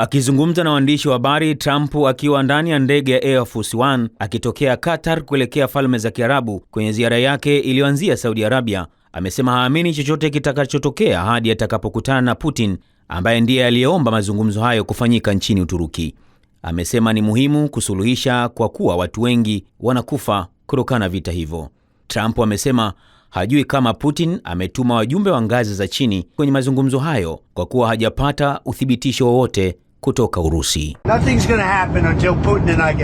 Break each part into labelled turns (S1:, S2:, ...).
S1: Akizungumza na waandishi wa habari, Trump akiwa ndani ya ndege ya Air Force One akitokea Qatar kuelekea Falme za Kiarabu kwenye ziara yake iliyoanzia Saudi Arabia, amesema haamini chochote kitakachotokea hadi atakapokutana na Putin ambaye ndiye aliyeomba mazungumzo hayo kufanyika nchini Uturuki. Amesema ni muhimu kusuluhisha kwa kuwa watu wengi wanakufa kutokana na vita hivyo. Trump amesema hajui kama Putin ametuma wajumbe wa ngazi za chini kwenye mazungumzo hayo kwa kuwa hajapata uthibitisho wowote kutoka Urusi. Ah,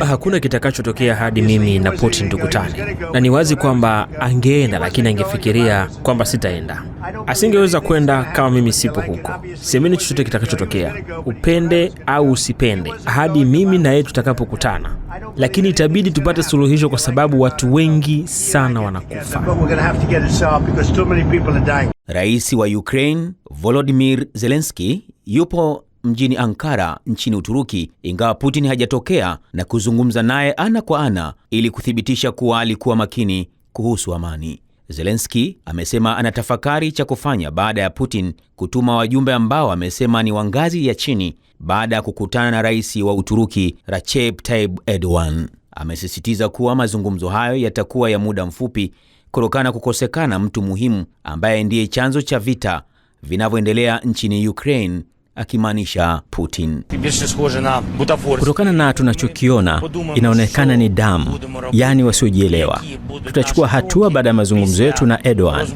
S2: hakuna kitakachotokea hadi mimi na Putin tukutane, na ni wazi kwamba angeenda, lakini angefikiria kwamba sitaenda. Asingeweza kwenda kama mimi sipo huko. Siamini chochote kitakachotokea, upende au usipende, hadi mimi na yeye tutakapokutana, lakini itabidi tupate suluhisho, kwa sababu watu wengi sana wanakufa.
S1: Rais wa Ukraine Volodymyr Zelensky yupo mjini Ankara nchini Uturuki, ingawa Putin hajatokea na kuzungumza naye ana kwa ana ili kuthibitisha kuwa alikuwa makini kuhusu amani. zelenski amesema ana tafakari cha kufanya baada ya Putin kutuma wajumbe ambao amesema ni wa ngazi ya chini baada ya kukutana na rais wa Uturuki Recep Tayyip Erdogan. Amesisitiza kuwa mazungumzo hayo yatakuwa ya muda mfupi kutokana na kukosekana mtu muhimu ambaye ndiye chanzo cha vita vinavyoendelea nchini Ukraine akimaanisha Putin.
S3: Kutokana na tunachokiona, inaonekana ni damu, yaani wasiojielewa. Tutachukua hatua baada ya mazungumzo yetu na Erdogan.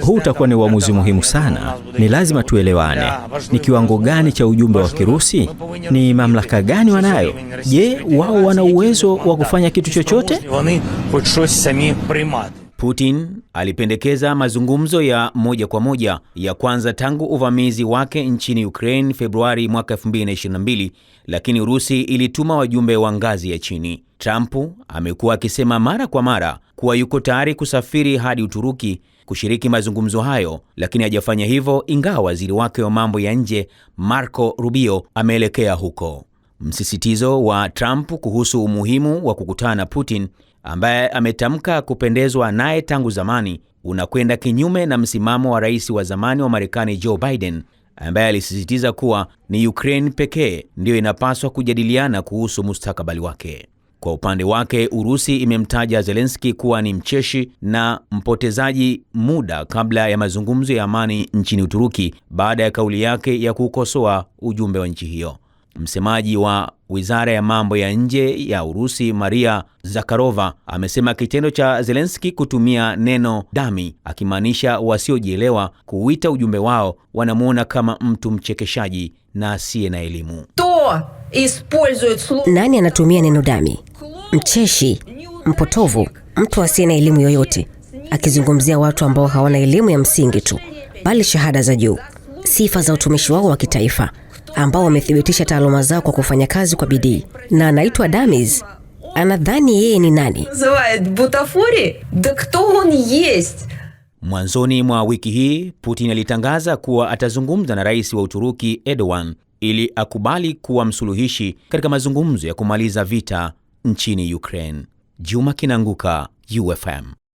S3: Huu utakuwa ni uamuzi muhimu sana, ni lazima tuelewane. Ni kiwango gani cha ujumbe wa Kirusi? Ni mamlaka gani wanayo? Je, wao wana uwezo wa kufanya kitu chochote?
S1: Putin alipendekeza mazungumzo ya moja kwa moja ya kwanza tangu uvamizi wake nchini Ukraine Februari mwaka 2022, lakini Urusi ilituma wajumbe wa ngazi ya chini. Trump amekuwa akisema mara kwa mara kuwa yuko tayari kusafiri hadi Uturuki kushiriki mazungumzo hayo, lakini hajafanya hivyo, ingawa waziri wake wa mambo ya nje Marco Rubio ameelekea huko. Msisitizo wa Trump kuhusu umuhimu wa kukutana na Putin ambaye ametamka kupendezwa naye tangu zamani unakwenda kinyume na msimamo wa rais wa zamani wa Marekani Joe Biden ambaye alisisitiza kuwa ni Ukraine pekee ndiyo inapaswa kujadiliana kuhusu mustakabali wake. Kwa upande wake, Urusi imemtaja Zelensky kuwa ni mcheshi na mpotezaji muda kabla ya mazungumzo ya amani nchini Uturuki baada ya kauli yake ya kukosoa ujumbe wa nchi hiyo. Msemaji wa wizara ya mambo ya nje ya Urusi, Maria Zakharova, amesema kitendo cha Zelensky kutumia neno dami, akimaanisha wasiojielewa, kuuita ujumbe wao wanamwona kama mtu mchekeshaji na asiye na elimu.
S4: Nani anatumia neno dami? Mcheshi, mpotovu, mtu asiye na elimu yoyote, akizungumzia watu ambao hawana elimu ya msingi tu, bali shahada za juu, sifa za utumishi wao wa kitaifa ambao wamethibitisha taaluma zao kwa kufanya kazi kwa bidii. Na anaitwa Damis. Anadhani yeye ni nani?
S1: Mwanzoni mwa wiki hii Putin alitangaza kuwa atazungumza na rais wa Uturuki Erdogan ili akubali kuwa msuluhishi katika mazungumzo ya kumaliza vita nchini Ukraine. Juma Kinanguka, UFM.